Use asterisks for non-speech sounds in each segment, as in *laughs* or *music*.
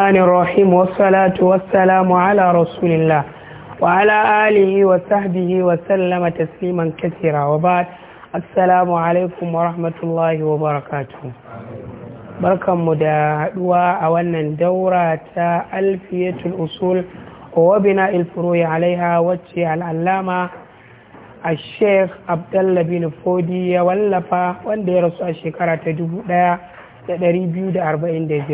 الرحمن الرحيم والصلاة والسلام على رسول الله وعلى آله وصحبه وسلم تسليما كثيرا وبعد السلام عليكم ورحمة الله وبركاته barkan mu da haɗuwa a wannan daura ta alfiyatul usul wa bina ilfuroyi alaiha wacce al'allama a sheikh abdallah bin fodi ya wallafa wanda ya rasu a shekara ta 1245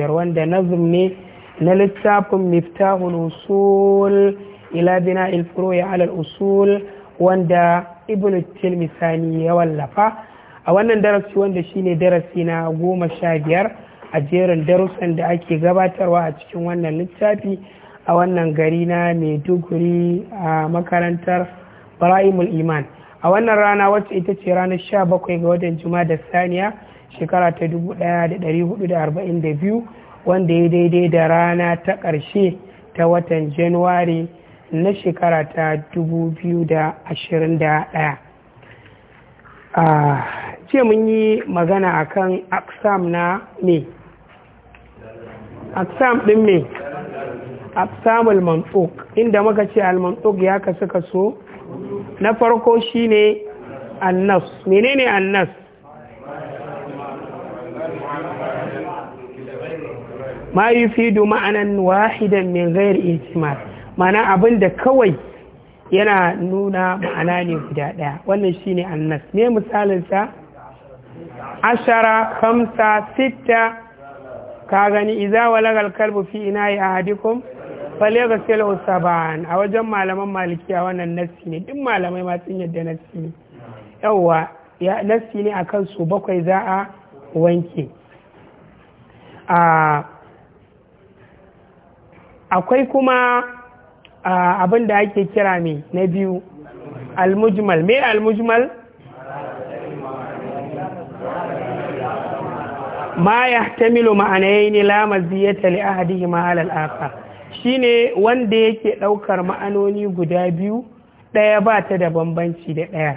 wanda nazum ne na littafin Miftahun usul ila bina ilfuro ya alal usul wanda ibn misani ya wallafa a wannan darasi wanda shine darasi na goma sha biyar a jerin darussan da ake gabatarwa a cikin wannan littafi a wannan gari na maiduguri a makarantar bara'imul iman a wannan rana wacce ita ce ranar sha bakwai ga watan juma'a da saniya shekara ta 1442 wanda ya daidai da rana ta ƙarshe ta watan januwari na shekara ta 2021 ce mun yi magana akan aksam na me aksam ɗin me aksam al inda muka ce al-mantuk ya kasu kaso na farko shine annas menene annas ma yufidu ma'anan wahidan min ghairi ihtimal mana abin da kawai yana nuna ma'ana ne guda ɗaya wannan shine annas me misalin sa ashara khamsa sitta ka gani idza walagal kalbu fi ina'i ahadikum falyaghsil saban a wajen malaman malikiya wannan nassi ne duk malamai ma sun yadda nassi ne yawwa ya nassi ne akan su bakwai za a wanke a ah, akwai kuma abin da ake kira ne na biyu almujmal me almujmal ma ya tamilu ma'anai ne lamaziyata li ahadihi ma'alal aka shine wanda yake ɗaukar ma'anoni guda biyu ɗaya ba ta da bambanci da ɗaya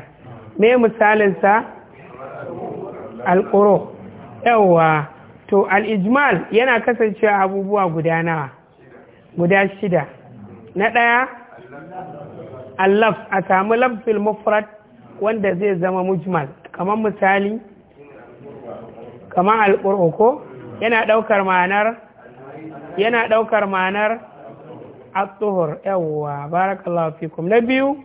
me misalinsa alƙuro yawwa to Al-Ijmal yana kasancewa abubuwa guda nawa guda shida na ɗaya allaf a samu lafzul mufrad wanda zai zama mujmal kamar misali kamar alƙur'uko yana ɗaukar ma'anar yana ɗaukar ma'anar al tuhur yawwa barakallahu fikum na biyu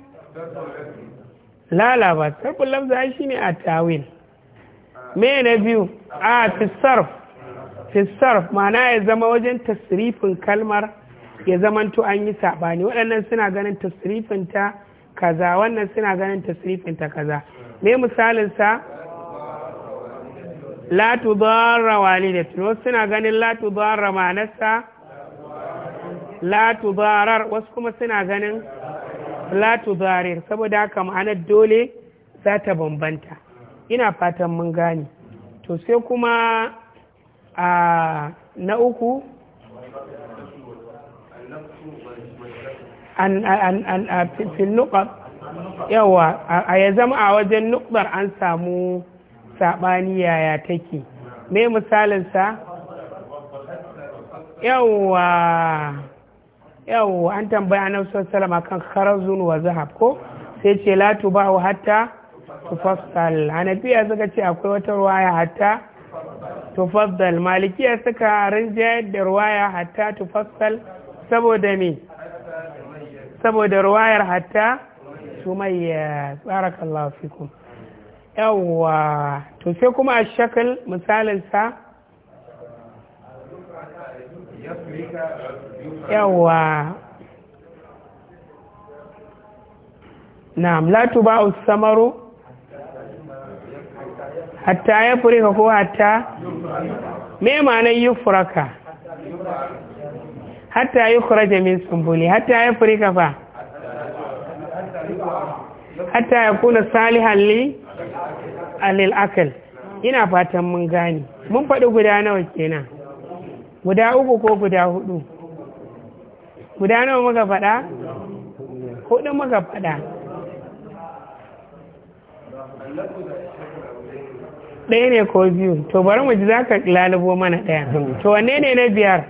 lalaba sarfin lafza ne a tawil me na biyu a fi sarf fi sarf ma'ana ya zama wajen tasirifin kalmar ya zamanto an yi saɓani waɗannan suna ganin tasirifinta kaza wannan suna ganin tasirifinta kaza me misalinsa la tudarra walidati wasu suna ganin la tudarra manasa la tudarar wasu kuma suna ganin la tudarir saboda haka ma'anar dole za ta bambanta ina fatan mun gane to sai kuma a ah, na uku an an an fil nuqab yawa a ya zama a wajen nuqbar an samu sabani yaya take me misalin sa yawa yawa an tambaya annabi sallallahu alaihi kan kharazun wa zahab ko sai ce la tubahu hatta tufassal ya suka ce akwai wata ruwaya hatta tufassal malikiya suka rinjayar da ruwaya hatta tufassal saboda me saboda ruwayar hatta sumayya barakallahu fikum yawwa to sai kuma a shakal misalinsa yawwa na'am la tuba samaru hatta ya furika ko hatta me ma'anar yufraka hatta yi kuraje min tsumbuli hatta ya furi kafa hatta ya kuna sali li alil akal ina fatan mun gani mun faɗi guda nawa kenan guda uku ko guda hudu guda nawa muka faɗa hudu muka faɗa ɗaya ne ko biyu to bari mu ji za ka lalubo mana ɗaya to wanne ne na biyar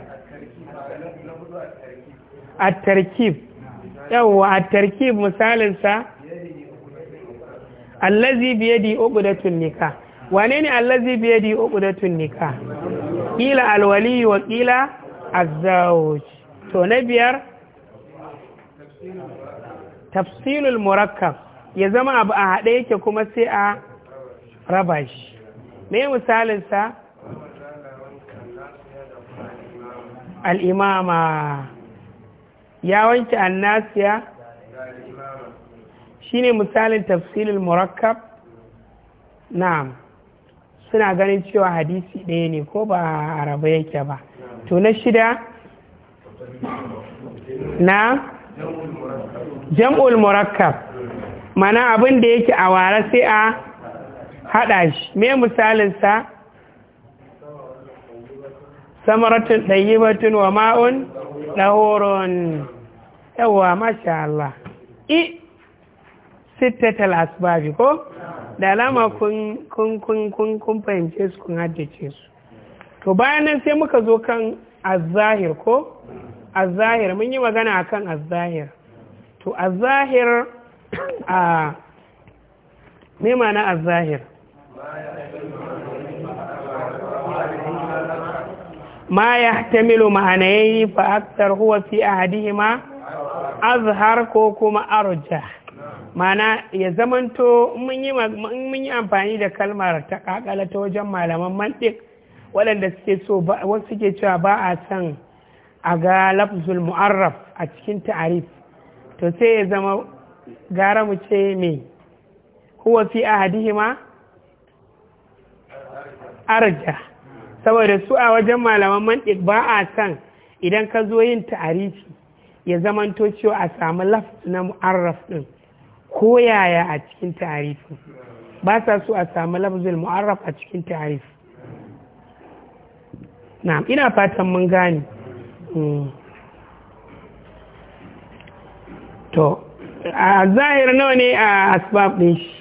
at-tarkib yawwa at-tarkib misalin sa allazi bi yadi uqdatun nikah wane ne allazi bi yadi uqdatun nikah kila alwali wa kila azzawj to na biyar tafsilul murakkab ya zama abu a haɗe yake kuma sai a raba shi me misalin sa al-imama ya wanke annasiya shine misalin tafsirin murakkab na'am suna ganin cewa hadisi ɗaya ne ko ba a raba yake ba to na shida na jam'ul murakkab mana abin da yake a ware sai a haɗa shi me misalinsa samaratun ɗayyibatun wa ma'un horon yawa masha Allah i sittatal asbabi ko da alama kun fahimce su kun haddace su to bayan nan sai muka zo kan azahir ko azahir mun yi magana akan azahir to azahir *coughs* a me ma'ana azahir ma yahtamilu ma'anayi fa akthar huwa fi ahadihima azhar ko kuma arja mana ya zamanto mun yi amfani da kalmar ta kakala ta wajen malaman mantiq waɗanda suke so wasu suke cewa ba a san a ga lafzul mu'arraf a cikin ta'arif to sai ya zama gara mu ce me huwa fi ahadihima arja saboda su a wajen malaman mantik ba a san idan ka zo yin ta'arifi ya zamanto cewa a samu laf na mu'arraf din ko yaya a cikin ta'arifin ba sa su a samu lafzul mu'arraf a cikin ta'arif na'am ina fatan mun gane hmm. to a zahir nawa ne a asbab din shi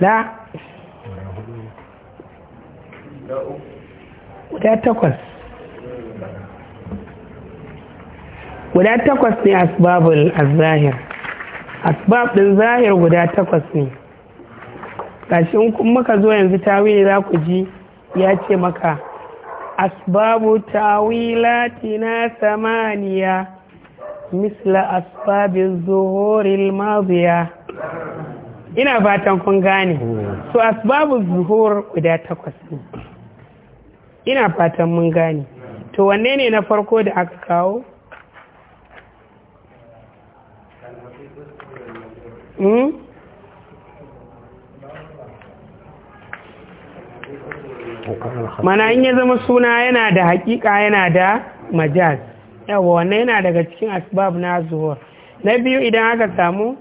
la guda takwas guda takwas ne asbabul azahir asbab zahir guda takwas ne gashi in kun maka zo yanzu tawili za ku ji ya ce maka asbabu tawilatina samaniya misla asbabin zuhuril maziya ina fatan kun gane hmm. so asbabu zuhur guda takwas ne ina fatan mun gane to wanne ne na farko da aka kawo hmm? mana in ya zama suna yana da hakika yana da majaz yawa wannan yana daga cikin asbab na zuwa na biyu idan aka samu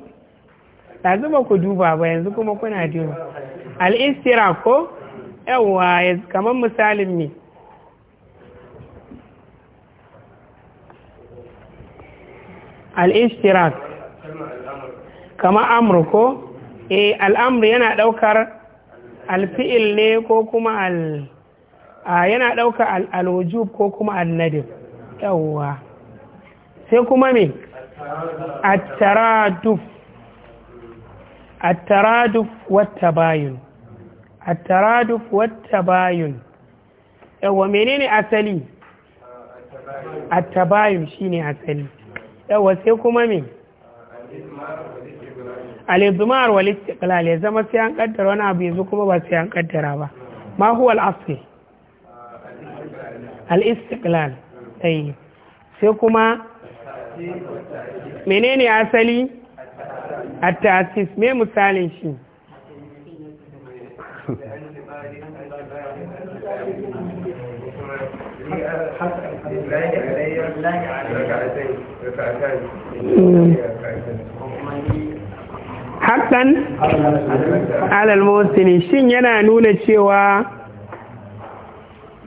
ɗazu ba ku duba ba yanzu kuma kuna duba al'istira ko ya kamar misalin ne al'ishtirak kama Amurko. ko e eh, al'amur yana ɗaukar alfi'il ne ko kuma al yana ɗaukar al'ujub ko kuma al yawwa sai kuma me at-taraduf at-taraduf wat-tabayun at-taraduf wat-tabayun yawa menene asali at-tabayun shine asali yawa sai kuma me al-idmar wal istiqlal ya zama sai an kaddara wani abu yanzu kuma ba sai an kaddara ba ma huwa al-asl sai kuma menene asali at-ta'sis me misalin shi haƙan alal musini shin yana nuna cewa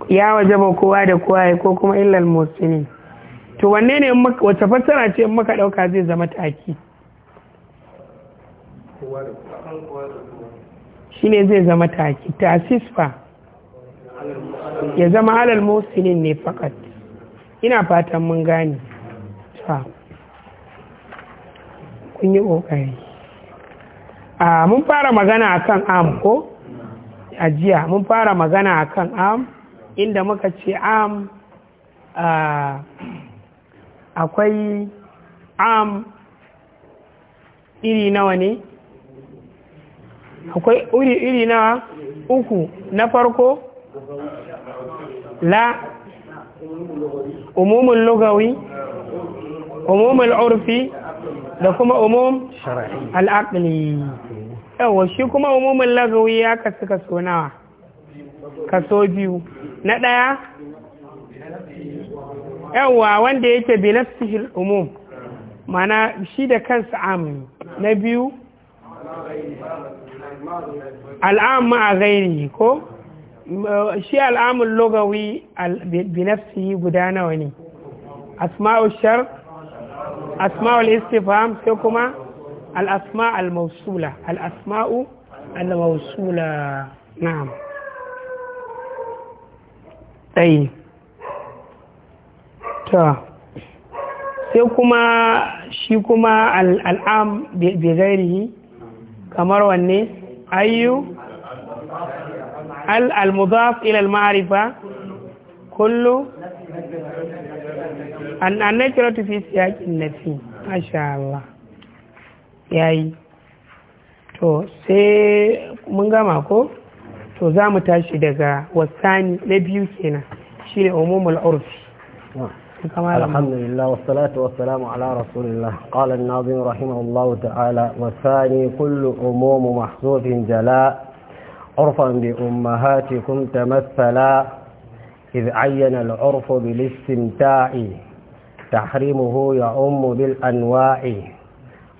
ya waje ba kowa da kowa ko kuma illal musini to wanne ne wata fassara ce in maka ɗauka zai zama taki shi ne zai zama taki tasis fa ya zama alal musinin ne fakat ina fatan mun gane sa kun yi ƙoƙari a mun fara magana kan am ko a jiya mun fara magana akan am inda muka ce am akwai am iri nawa ne akwai iri nawa uku na farko la umumul lugawi umumul urfi da kuma umum al'aqli yawa shi kuma umumul lugawi ya kasu kaso nawa kaso biyu na ɗaya yawa wanda yake bi nafsihil umum mana shi da kansa am na biyu al'amma a gairi ko shi al'amun lugawi binafsihi guda nawa ne asma'ul shar asma'ul istifham sai kuma al'asma al-mausula al'asma'u mausula na'am tsaye ta sai kuma shi kuma al'am bai kamar wanne ayyu al al-mudaf ila al-ma'rifa kullu an annakiratu fi siyaqin nafi masha Allah yayi to sai mun gama ko to za mu tashi daga wasani na biyu kenan shine umumul urfi الحمد لله والصلاة ala rasulillah رسول الله قال الناظم ta'ala الله تعالى والثاني كل أموم عرفا بأمهاتكم تمثلا إذ عين العرف بالاستمتاع تحريمه يعم بالأنواع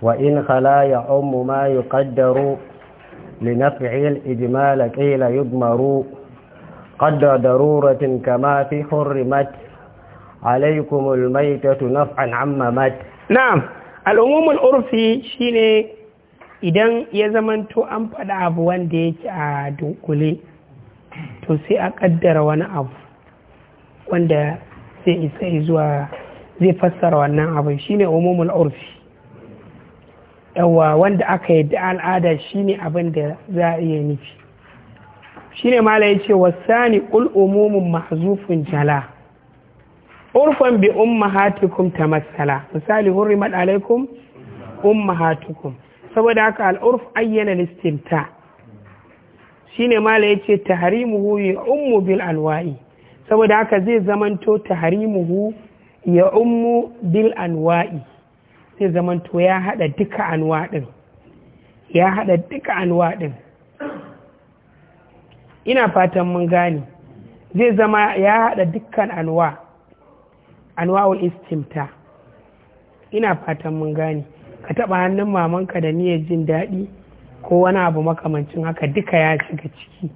وإن خلا يعم ما يقدر لنفع الإجمال قيل يضمر قدر ضرورة كما في حرمت عليكم الميتة نفعا عممت نعم العموم العرفي شيني idan ya zamanto an faɗa abu wanda yake a dunkule to sai a ƙaddara wani abu wanda zai isa zuwa zai fassara wannan abin shine umumul urfi yawa wanda aka yi al'ada shine abin da za a iya nufi shine mala ya ce wasani ul umumin mahzufun jala urfan bi umma ummahatikum matsala. misali hurrimat alaikum ummahatukum saboda haka al'urf ayyana listimta ne mala yace tahrimuhu ya ummu bil anwa'i saboda haka zai zamanto tahrimuhu ya ummu bil anwa'i zai zamanto ya hada duka anwa ya hada duka anwa ina fatan mun gane zai zama ya hada dukkan anwa anwa'ul istimta ina fatan mun gane ka taɓa hannun mamanka da niyyar jin daɗi ko wani abu makamancin haka duka ya shiga ciki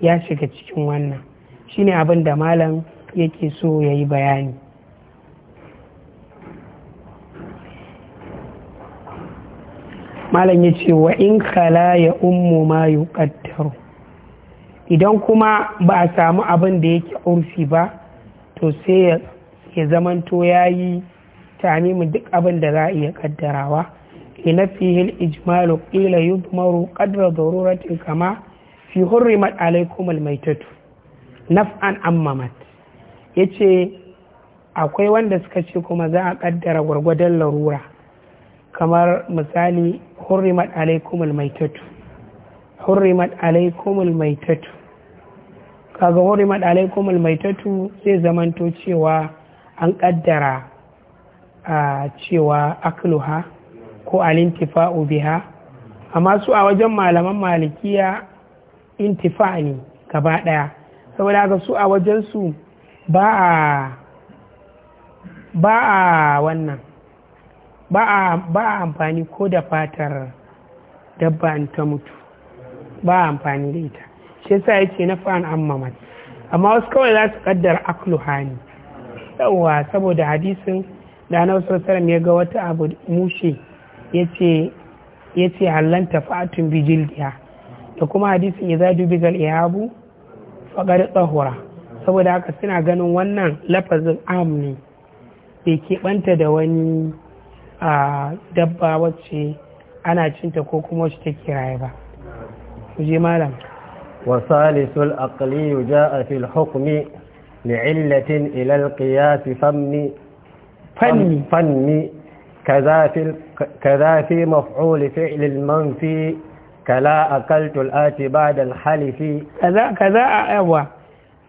ya shiga cikin wannan shine abin da malam yake so ya yi bayani malam ya ce wa in kala ya ummu ma yuqaddaru idan kuma ba a samu abin da yake urfi ba to sai ya zamanto ya yi mu duk abin da za a iya kaddarawa لنفيه الإجمال kama يضمر قدر ضرورة كما في حرمت عليكم الميتة نفعا Ya yace akwai wanda suka ce kuma za a kaddara gwargwadon larura kamar misali hurrimat alaikumul maitatu hurrimat alaikumul maitatu kaga hurrimat alaikumul maitatu zai zamanto cewa an kaddara a cewa akluha ko alintifa biha amma su a wajen malaman malikiya intifa ne gaba daya saboda haka su a wajen su ba a ba a wannan ba a amfani ko da fatar dabba ta mutu ba a amfani da ita shi sa yake na fa'an ammamat amma wasu kawai za su kaddara akluha ne yawwa saboda hadisin da wasu sallallahu ya ga wata abu mushe yace ce hallanta fa'atun bijil ya da kuma hadisin bigal ya ihabu faqad tahura saboda haka suna ganin wannan lafazin amni ne bai keɓanta da wani a dabba wacce ana cinta ko kuma wacce take raye ba kuje malam وثالث الأقلي جاء في الحكم لعلة إلى القياس فمني فني فني كذا في كذا في مفعول فعل المنفي كلا أكلت الآتي بعد الحلف كذا كذا أعوى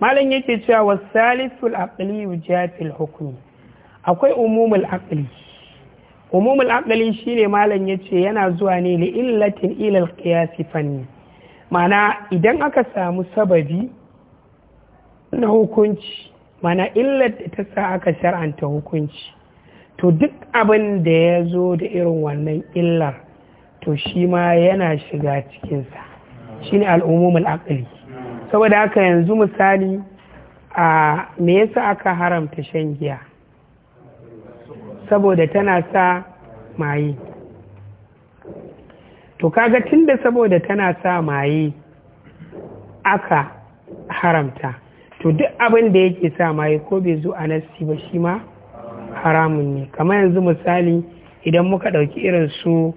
ما لن يتشى والثالث العقلي وجاء في الحكم أقوي أموم العقلي أموم العقلي شيني ما لن يتشى ينازواني لإلة إلى القياس فني معنى إذن أكسام سببي na hukunci mana illar ta sa aka shar'anta hukunci to duk abin da ya zo da irin wannan illar to shi ma yana shiga cikinsa shi ne al'umumul akali saboda haka yanzu misali a me yasa aka haramta shan giya saboda tana sa maye to kaga tunda saboda tana sa maye aka haramta to duk abin da yake sa maye ko bai zo a nassi ba shi ma haramun ne kamar yanzu misali idan muka ɗauki irin su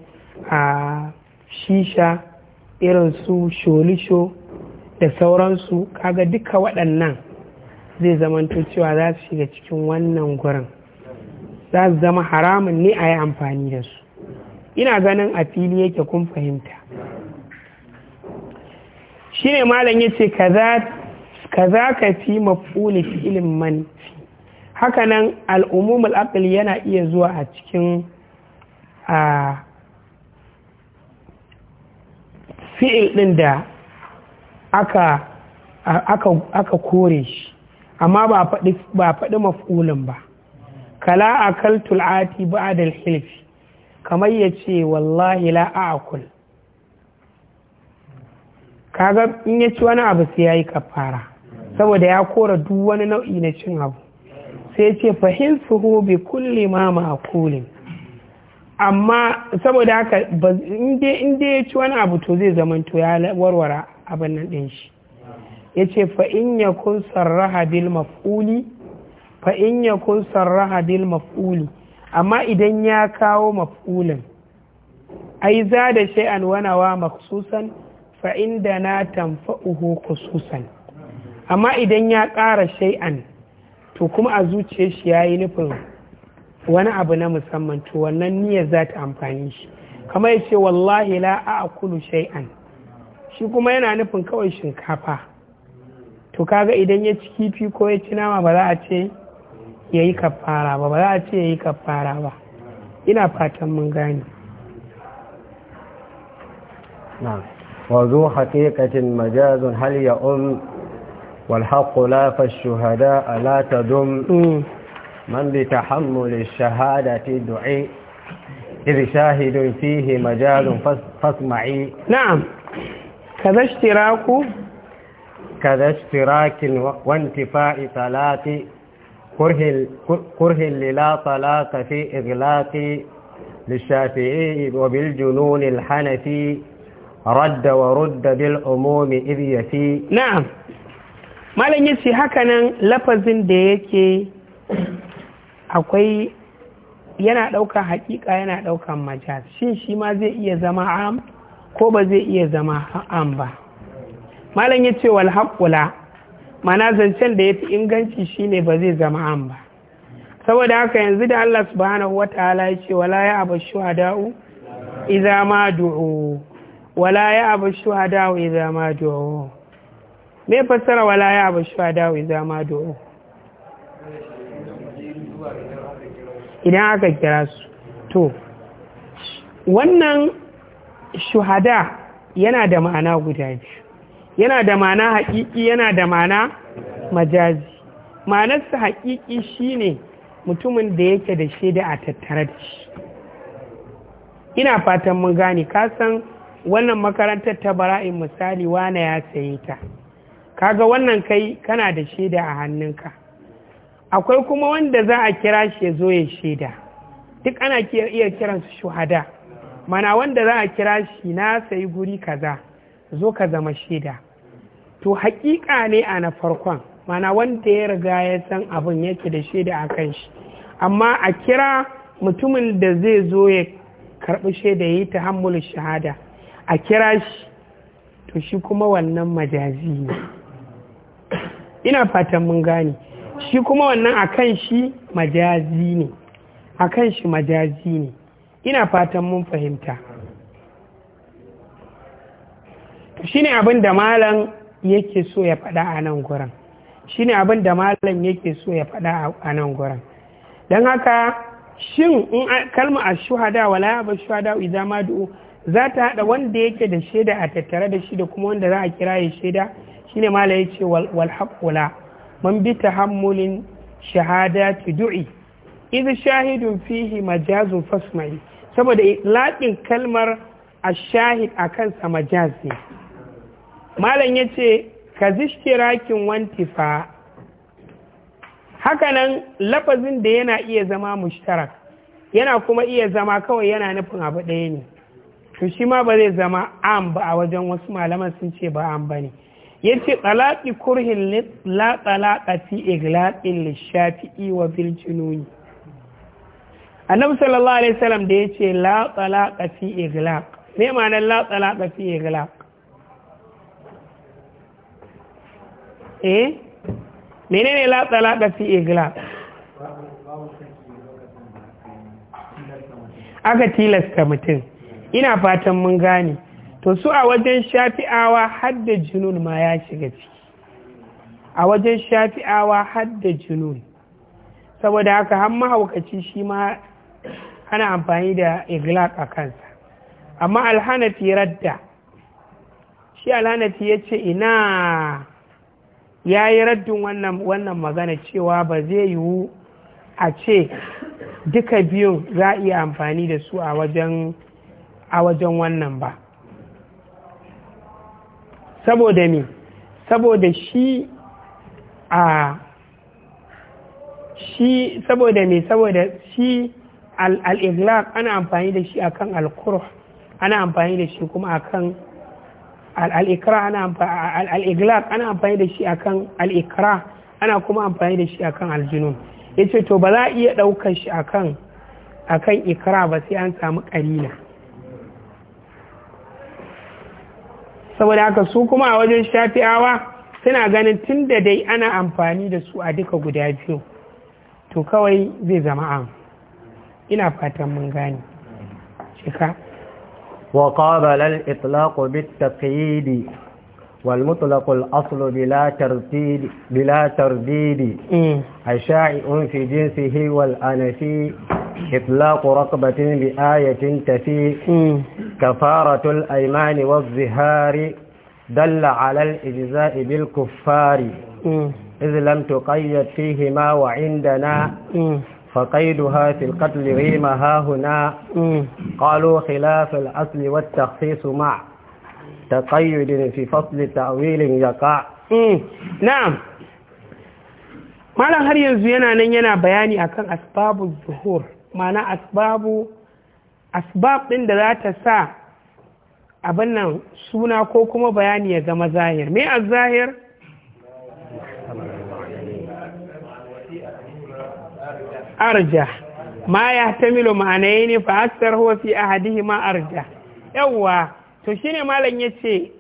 a shisha irin su sholisho da sauransu kaga duka waɗannan zai zamanto cewa za su shiga cikin wannan gurin za su zama haramun ne a yi amfani da su ina ganin a fili yake kun fahimta shi ne malam ya ce ka za ka fi maf'uli ilin man hakanan al'umumul aqli yana iya zuwa a cikin a fi'il din da aka kore shi amma ba faɗi maf'ulin ba kala akaltul ati ba'da al-hilf kamar yace wallahi la a'kul kaga in ya wani abu sai yayi kafara saboda ya kora duk wani nau'i na cin abu sai ce fahim suhu bi kulli ma ma'kulin amma saboda haka in ya ci wani abu to zai zamanto ya warware abin nan din shi ya ce fa'in ya kun sarraha bil maf'uli fa'in ya kun sarraha bil maf'uli amma idan ya kawo maf'ulin ai za da shay'an wanawa maksusan fa'in da na tamfa'uhu khususan amma idan ya ƙara shay'an to kuma a zuciyar shi ya yi nufin wani abu na musamman to wannan niyyar za ta amfani shi kamar ya ce wallahi la a akulu shay'an shi kuma yana nufin kawai shinkafa to kaga idan ya ci kifi ko ya ci nama ba za a ce ya yi kafara ba ba za a ce ya yi kafara ba ina fatan mun gane wa zo haƙiƙatin majazun hal ya um والحق لا فالشهداء لا تدم من بتحمل الشهادة دعي إذ شاهد فيه مجال فاسمعي نعم كذا اشتراك كذا اشتراك وانتفاء ثلاث كره كره للا طلاق في إغلاق للشافعي وبالجنون الحنفي رد ورد بالأموم إذ يفي نعم malam ya ce hakanan lafazin da yake akwai yana ɗaukan hakika yana ɗaukan majal shin shi ma zai iya zama am ko ba zai iya zama am ba malam ya ce wal haƙula mana zancen da ya fi inganci shine ba zai zama am ba saboda haka yanzu da Allah subhanahu wataala ya ce wala ya abu shuhada'u idza ma du'u wala ya abu shuhada'u idza ma du'u me fassara wala ya abu shi wa idza ma du'u idan aka kira su to wannan shuhada yana da ma'ana guda biyu yana da ma'ana haƙiƙi yana da ma'ana majazi ma'anarsa haƙiƙi shine mutumin da yake da shaida a tattare da shi ina fatan mun gane kasan wannan makarantar ta bara'in misali wane ya saye ta kaga wannan kai kana da shaida a hannunka akwai kuma wanda za a kira shi ya zo ya shaida duk ana iya kiransu shuhada mana wanda za a kira shi na sayi guri kaza zo ka zama shaida to haƙiƙa ne a na farkon mana wanda ya riga ya san abin yake da shaida a kan shi amma a kira mutumin da zai zo ya karɓi shaida ya yi ta shahada a kira shi to shi kuma wannan majazi ne ina fatan mun gane shi kuma wannan akan shi majazi ne akan shi majazi ne ina fatan mun fahimta shine abin da malam yake so ya faɗa a nan gurin shine abin da malam yake so ya faɗa a nan gurin don haka shin in kalma a shuhada wala ba shuhada idan ma du'u za ta haɗa wanda yake da shaida a tattare da shi da kuma wanda za a kira ya shaida ne mala yace wal haqula man bi tahammulin shahadati du'i idh shahidun fihi majazun fasma'i saboda laƙin kalmar ashahid a kansa majaz ne malam yace ka zishtirakin wantifa hakanan lafazin da yana iya zama mushtarak yana kuma iya zama kawai yana nufin abu ɗaya ne to shi ma ba zai zama am ba a wajen wasu malaman sun ce ba am ba ne yace talaqi kurhin li la talaqa fi iglaqin lishafi'i wa fil jununi annabi sallallahu alaihi wasallam da yace la talaqa fi iglaq me ma'anar la talaqa fi iglaq eh menene la talaqa fi iglaq aka tilasta mutum ina fatan mun gane to su a wajen shafi'awa hadda junun ma ya shiga ciki a wajen shafi'awa hadda junun saboda haka har mahaukaci shi ma ana amfani da iglaq a kansa amma alhanafi radda shi alhanafi ya ce ina ya yi raddin wannan magana cewa ba zai yiwu a ce duka biyun za a iya amfani da su a wajen wannan ba saboda ne saboda shi a shi saboda ne saboda shi al’iglaq ana amfani da shi akan al ana amfani da shi kuma akan al-ikra ana al-iglaq ana amfani da shi akan al-ikra ana kuma amfani da shi akan al ya ce to ba za a iya ɗaukar shi akan akan ikra ba sai an samu qalila saboda haka su kuma a wajen shafi'awa suna ganin tun da dai ana amfani da su a duka guda biyu to kawai zai zama am ina fatan mun gane shika وقابل الإطلاق بالتقييد bila الأصل بلا ترديد بلا sha'i'un fi في جنسه والأنفي إطلاق رقبة بآية تفي كفارة الأيمان والظهار دل على الإجزاء بالكفار إذ لم تقيد فيهما وعندنا فقيدها في القتل غيم ها هنا قالوا خلاف الأصل والتخصيص مع تقيد في فصل تأويل يقع نعم malam har yanzu yana nan yana bayani akan asbabul zuhur ma'ana asbabu asbab ɗin da za ta sa abin nan suna ko kuma bayani ya zama zahir me a zahir arja ma ya tamilu ma'anayi ne fa hasar hofi a hadihi ma arja yawwa to shi ne malam ya ce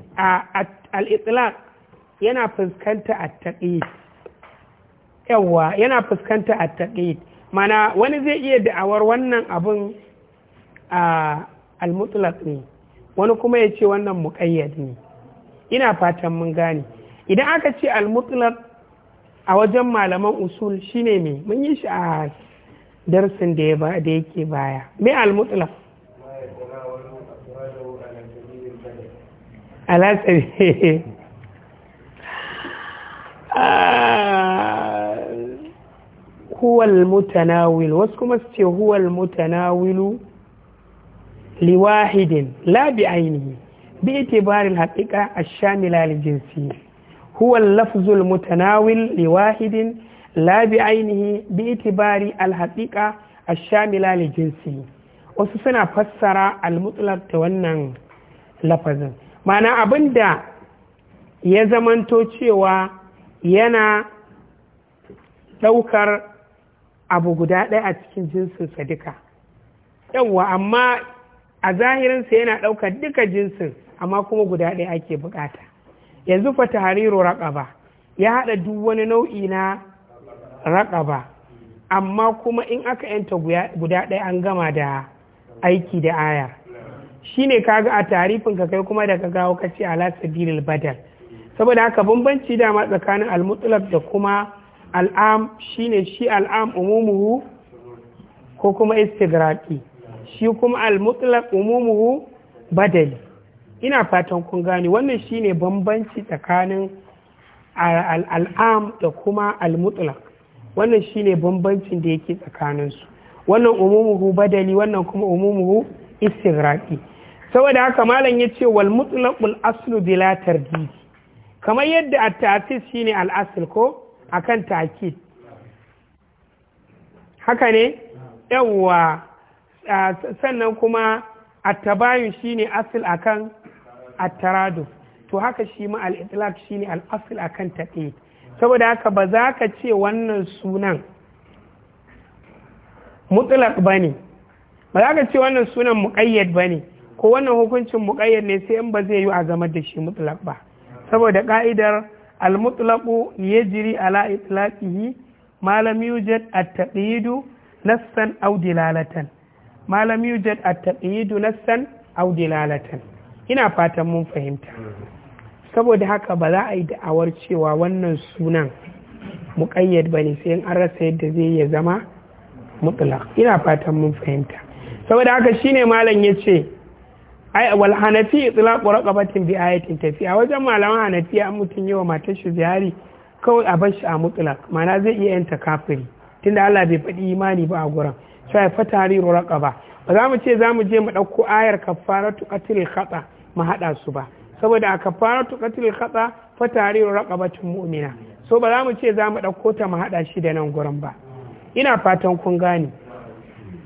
al-itlaq yana fuskanta a taƙi yawwa yana fuskanta a taƙi mana wani zai iya da'awar wannan abin a almutulat ne wani kuma ya ce wannan muƙayyad ne ina fatan mun gane idan aka ce almutulat a wajen malaman usul shine mai, mun yi shi a darsin da yake baya me almutulat ala sabi huwal mutanawil wasu kuma su ce huwal mutanawilu liwahidin labi ainihi bi itibarin haƙiƙa a shamila jinsi huwal lafzul mutanawil liwahidin labi ainihi bi itibari alhaƙiƙa a shamila jinsi wasu suna fassara almutlaq ta wannan lafazin abin da ya zamanto cewa yana ɗaukar abu guda ɗaya a cikin jinsinsa duka yawwa amma a zahirinsa yana ɗaukar duka jinsin amma kuma guda ɗaya ake bukata yanzu fa tahariru raƙaba ya haɗa duk wani nau'i na raƙaba amma kuma in aka yanta guda ɗaya an gama da aiki da ayar shine kaga a tarifin ka kai kuma daga ka gawo kace ala sabilil badal saboda haka bambanci dama tsakanin al da kuma al'am shine shi al'am umumuhu ko kuma istigraki shi kuma al-mutlaq umumuhu badali ina fatan kun gane wannan shi ne bambanci tsakanin al'am da kuma al-mutlaq wannan ne bambancin da yake tsakanin su wannan umumuhu badali wannan kuma umumuhu istigraki saboda haka malam ce wal mutlaqul aslu bila tardid kamar yadda at-ta'sis shine al-asl ko a kan takid haka ne yawwa sannan kuma attabayun shine asil kan attarado to haka shi ma shi ne al'asil a kan akan saboda haka ba za ka ce wannan sunan ba ne ba za ka ce wannan sunan ba ne ko wannan hukuncin muƙayyad ne sai in ba zai yi a zama da shi mutlak ba saboda ƙa'idar المطلق يجري على إطلاقه ما لم يوجد التقييد نصا أو دلالة ما لم يوجد التقييد نصا ina fatan mun fahimta saboda haka ba za a yi da'awar cewa wannan sunan muƙayyad ba ne sai in an rasa yadda zai ya zama mutlaq ina fatan mun fahimta saboda haka shi ne malam ya ce ai wal hanafi itlaqu raqabatin bi ayatin tafiya wajen malaman hanafi an mutun yawa matar shi ziyari kawai a bar shi a mutlaq mana zai iya yanta kafiri tunda Allah bai faɗi imani ba a gurin sai fatari raqaba ba za mu ce za mu je mu ɗauko ayar kafaratu qatil khata mu haɗa su ba saboda a kafaratu qatil khata fatari raqabatin mu'mina so ba za mu ce za mu ɗauko ta mu haɗa shi da nan gurin ba ina fatan kun gane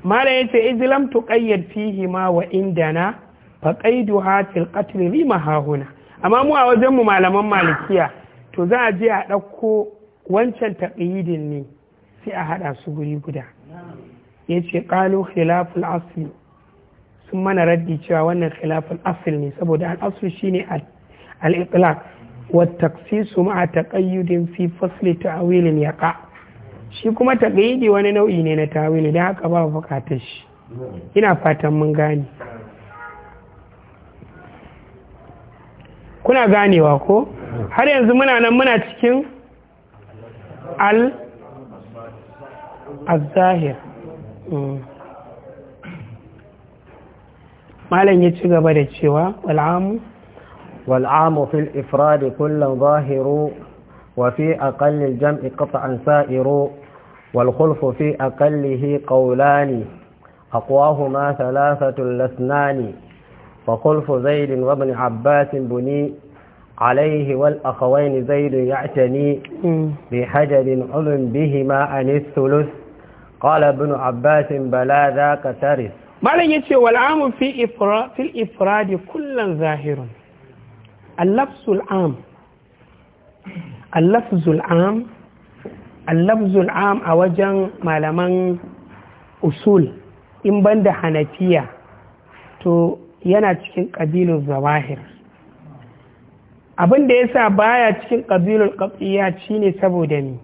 malam yace izlam tuqayyad fihi ma wa indana faƙaidu hatil ƙatil rima hahuna amma mu a wajen mu malaman malikiya to za a je a ɗauko wancan taƙidin ne sai a haɗa su guri guda ya ce ƙalo khilaful asli sun mana raddi cewa wannan khilaful asli ne saboda al'asul shi ne itlaq wa ma'a taƙayyudin fi fasli ya ƙa shi kuma taƙayyudi wani nau'i ne na tawili dan haka ba bukatar shi ina fatan mun gane kuna ganewa ko har yanzu muna nan muna cikin al-zahir mm. malam ya ci gaba da cewa wal'amu wal'amu fil ifradi kullum zahiru wa fi aqallil jam'i qat'an sa'iru wal khulfu fi aqallihi qawlani aqwahuma thalathatul lasnani فخلف زيد وابن عباس بني عليه والأخوين زيد يعتني بحجر علم بهما عن الثلث قال ابن عباس بلا ذاك ترث malam ya ce wal'amun fil ifradi kullum zahiru. allafzul am allafzul a wajen malaman usul in banda hanafiya to yana cikin ƙabilun zawahir abin da ya sa baya cikin ƙabilun ƙafiya shi ne saboda ni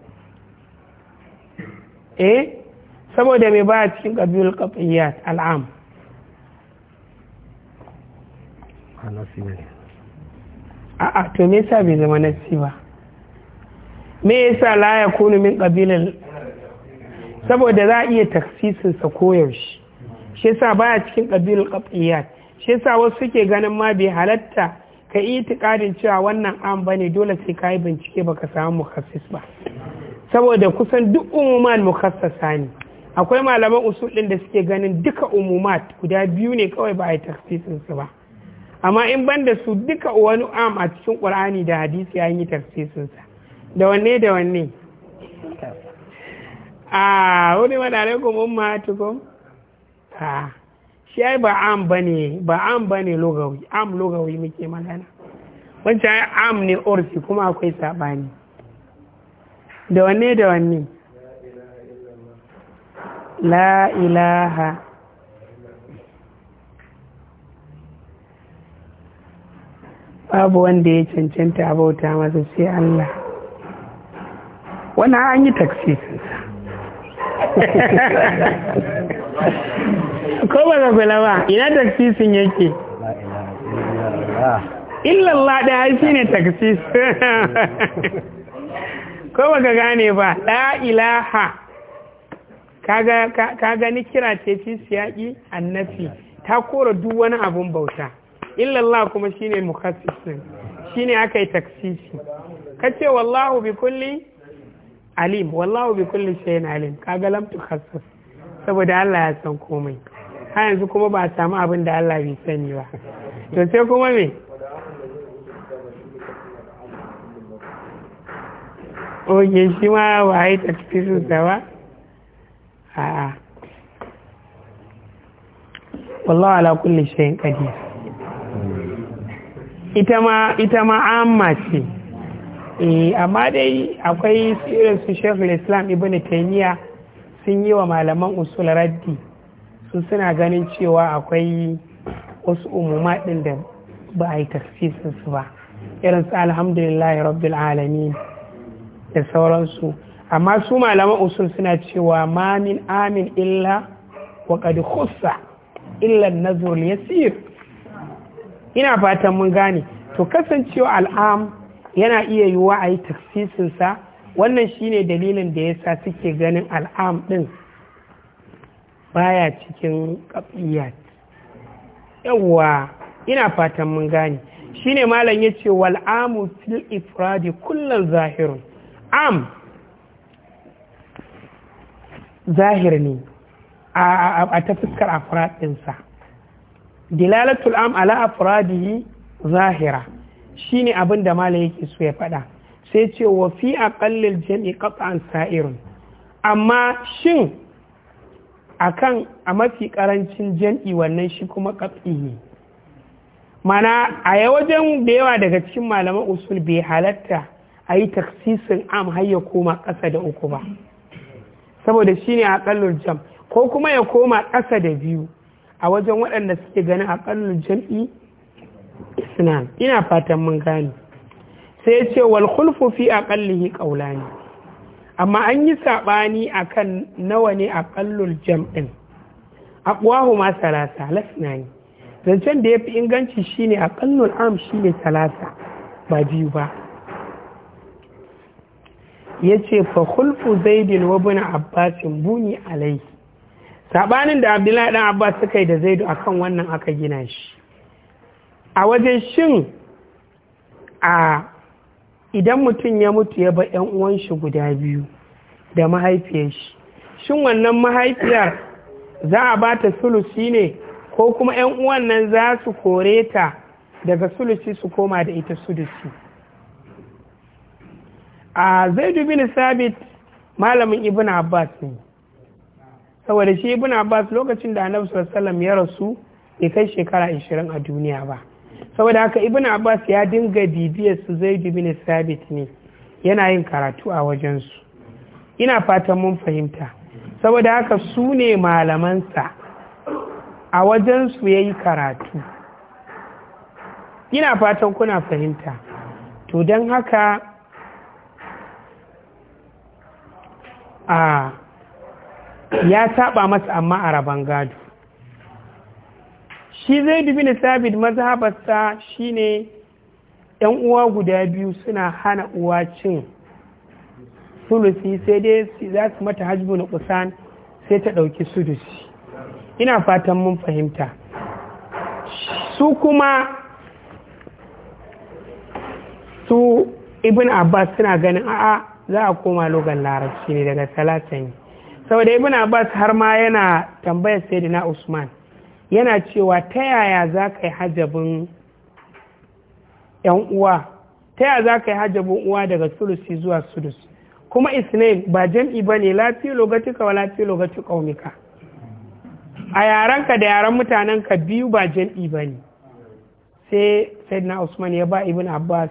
eh saboda mai baya cikin ƙabilun ƙafiya al'am a'a to me yasa bai zama nasi ba me yasa la ya kunu min ƙabilun saboda za a iya taksisinsa koyaushe shi yasa baya cikin ƙabilun ƙafiyat shi yasa wasu suke ganin ma bai halatta ka itikadin cewa wannan an bane dole sai ka yi bincike baka samu mukhassis ba saboda kusan duk umuman mukhassasa ne akwai malaman usul din da suke ganin duka umumat guda biyu ne kawai ba a yi tafsirin su ba amma in ban da su duka wani am a cikin qur'ani da hadisi an yi tafsirin sa da wanne da wanne a ah, wani wa alaikum ummatukum ah shi ai ba am bane ba am bane logawi am logawi muke magana wancan ai am ne orfi kuma akwai sabani da wanne da wanne la ilaha babu wanda ya cancanta bauta masa sai Allah wani an yi taksisinsa *laughs* ko ba ka kula ba ina taksisin yake illallah da ai shine taksis *laughs* ko ba ka gane ba la ilaha kaga kaga ni kira ce fi siyaki annafi ta kora duk wani abun bauta illallah kuma shine Shi shine aka yi taksisi ce wallahu bi kulli alim wallahu bi kulli shay'in alim kaga lam tukhassas saboda Allah ya san komai har yanzu kuma ba a samu abin da Allah bai sani ba to sai kuma me oge shi ma ba a yi tafi ba a'a wallahu ala alakulli shayin qadir ita ma an mace amma ce eh, amma dai akwai irin su Sheikh Islam Ibn Taymiyyah sun yi wa malaman usul raddi su suna ganin cewa akwai wasu umuma ɗin da ba a yi tafsirin ba irin su alhamdulillahi rabbil alamin da sauransu amma su malaman usul suna cewa ma min amin illa wa qad khussa illa an yasir ina fatan mun gane to kasancewa al'am yana iya yiwuwa a yi tafsirin sa wannan shine dalilin da yasa suke ganin al'am din baya cikin kafiyat, yawa ina fatan mun gane shine malam yace wal amu fil ifradi kullun zahirun am zahir ne a ta fuskar afrad ɗinsa dilalatul am ala afradihi zahira shine abin da malam yake so ya faɗa sai ce wa fi aqallil jam'i qat'an sa'irun amma shin akan a mafi karancin jam'i wannan shi kuma ne mana a yi wajen da yawa daga cikin malaman usul bai halatta a yi taksisin am har ya koma ƙasa da uku ba saboda shi ne a jam ko kuma ya koma ƙasa da biyu a wajen waɗanda suke ganin ƙallon jam'i isnan ina fatan mun gane sai ya ce wal a ƙallihi ƙaula ne. amma an yi saɓani a kan nawa ne a ƙallul jam'in a ƙuwahu ma salasa lasina ne zancen da ya fi inganci ne a ƙallul am ne salasa ba biyu ba ya ce fa hulfu zaidin wa buna abbasin buni alai saɓanin da abdullahi ɗan abbas suka yi da zaidu kan wannan aka gina shi a wajen shin a idan mutum ya mutu ya ba ‘yan uwan shi guda biyu da mahaifiyar shi shin wannan mahaifiyar za a ba ta sulusi ne ko kuma ‘yan uwan nan za su kore ta daga sulusi su koma da ita sulusi a zaidu bin sabit malamin ibn abbas ne saboda shi ibn abbas lokacin da annabi sallallahu ya rasu bai kai shekara 20 a duniya ba saboda haka ibn abbas ya dinga bibiyar su zai bin sabit ne yana yin karatu a wajensu ina fatan mun fahimta saboda haka su ne malamansa a wajensu ya yi karatu ina fatan kuna fahimta to don haka a ya saba masa amma a rabon gado shi zai na sabid mazhabarsa shine yan uwa guda biyu suna hana uwa cin sulusi sai dai za su mata hajjibu na kusan sai ta ɗauki sulusi ina fatan mun fahimta su kuma su ibn abbas suna ganin a'a za a koma logan larabci ne daga salatin saboda ibn abbas har ma yana tambayar sai usman yana cewa ta yaya za ka yi hajabin ‘yan uwa ta yaya za ka yi hajjabin uwa daga sulusi zuwa sulusi kuma isnail ba jam'i ba ne lafi logatika wa lafi logati ƙaunika a yarenka da yaren mutanenka biyu ba jam'i ba ne sai sayyidina usman ya ba ibn abbas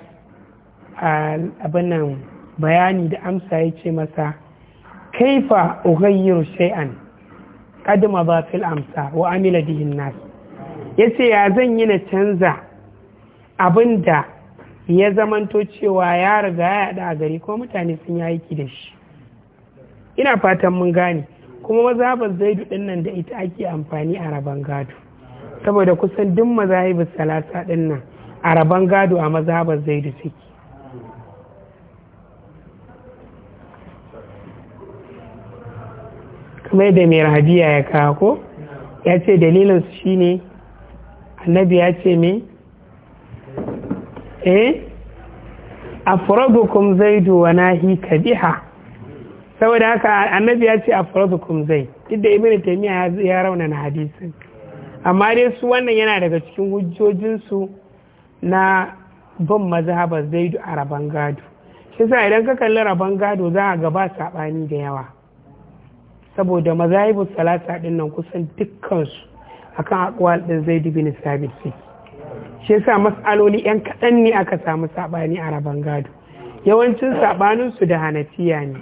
abin nan bayani da amsa ya ce masa kaifa ughayyiru shay'an kadma ba fil amsa wa amila bihin nas yace ya zan yi na canza abinda ya zamanto cewa ya riga ya yada a gari ko mutane sun yi aiki da shi ina fatan mun gane kuma mazhabar zaidu din nan da ita ake amfani a rabon gado saboda kusan duk mazahibin salasa din nan a rabon gado a mazhabar zaidu suke Mai da mai rahabiya ya kawo ko ya ce dalilinsu ne annabi ya ce me eh a afradukum zaidu wa nahi kabiha saboda haka annabi ya ce a afradukum zai duk da ibnu taymiya ya na hadisin amma dai su wannan yana daga cikin hujjojinsu na bin mazhabar zaidu a rabon gado shi sa idan ka kalli rabon gado za a gaba saɓani da yawa saboda mazahibu salata din nan kusan dukkansu akan akwal din zaid bin sabit sai shi yasa mas'aloli yan kaɗan ne aka samu saɓani a rabon gado yawancin saɓaninsu da hanafiya ne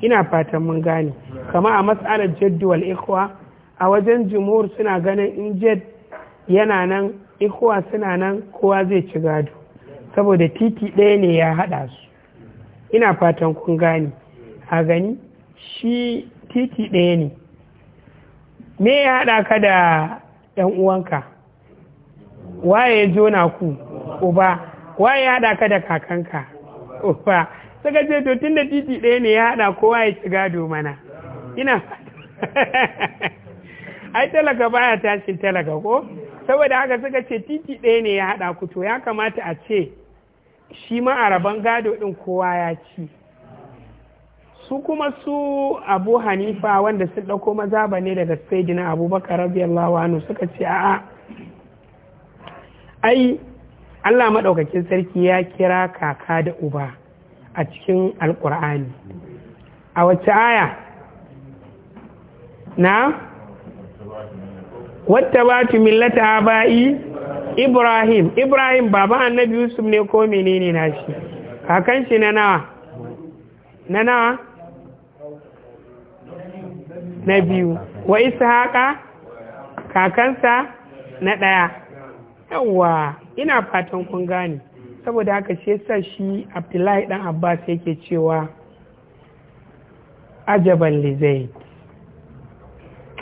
ina fatan mun gane kama a mas'alar jaddu ikhwa a wajen jumhur suna ganin in jad yana nan ikhwa suna nan kowa zai ci gado saboda titi ɗaya ne ya haɗa su ina fatan kun gane a gani shi titi ɗaya ne me ya haɗa ka da ‘yan uwanka waye ya jona ku uba waye ya haɗa ka da kakanka uba suka ce to tun da titi ɗaya ne ya haɗa kowa ya ci gado mana ina *laughs* ai talaka baya tashin talaka ko saboda haka suka ce titi ɗaya ne ya haɗa ku to ya kamata a ce shi ma a rabon gado ɗin kowa ya ci su kuma su abu hanifa wanda su ɗauko mazaba ne daga na abubakar radiyallahu anhu suka ce a'a ai allah maɗaukakin sarki ya kira kaka da uba a cikin alƙur'ani a wacce aya na wata ba tu millata ba'i ibrahim ibrahim baba annabi yusuf ne ko menene nashi shi kakan shi na nawa na nawa na biyu wa ishaqa kakansa na ɗaya yawwa ina fatan kun gane saboda haka shi sa shi abdullahi dan abbas yake cewa ajaban lizai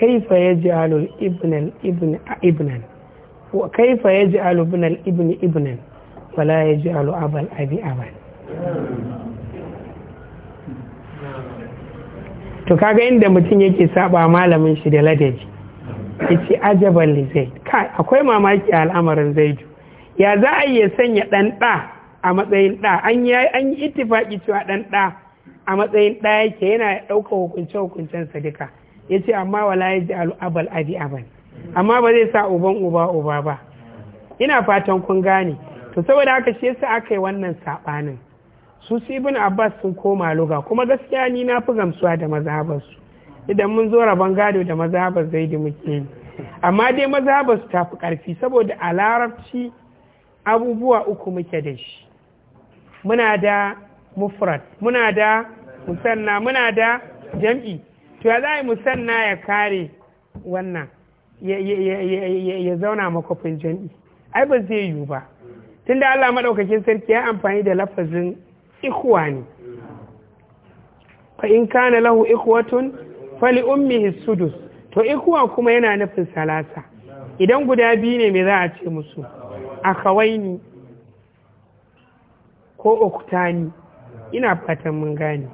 kaifa ya ji ibn ibn ibnan wa kaifa ya ji alul ibn ibnan wala ya alul abal abi abal. to kaga inda mutum yake saba malamin shi da ladaji yace ajaban zaid kai akwai mamaki al'amarin zaidu ya za a iya sanya dan da a matsayin ɗa? an yi an yi ittifaki cewa dan da a matsayin da yake yana ɗaukar hukunce hukuncen sadika ya yace amma wala yaji ji al'abal abi aban amma ba zai sa uban uba uba ba ina fatan kun gane to saboda haka shi yasa aka yi wannan saɓanin. su su ibn abbas sun koma luga kuma gaskiya ni na fi gamsuwa da mazhabarsu idan mun zo rabon gado da mazhabar zaidi muke amma dai mazhabarsu ta fi karfi saboda a larabci abubuwa uku muke da shi muna da mufrad muna da musanna muna da jam'i to ya za musanna ya kare wannan ya zauna makwafin jam'i ai ba zai yiwu ba tunda Allah maɗaukakin sarki ya amfani da lafazin ikhwani fa in kana lahu ikhwatun fali ummihi sudus to ikhwa kuma yana nufin salasa idan guda biyu ne me za a ce musu ni ko oktani ina fatan mun gane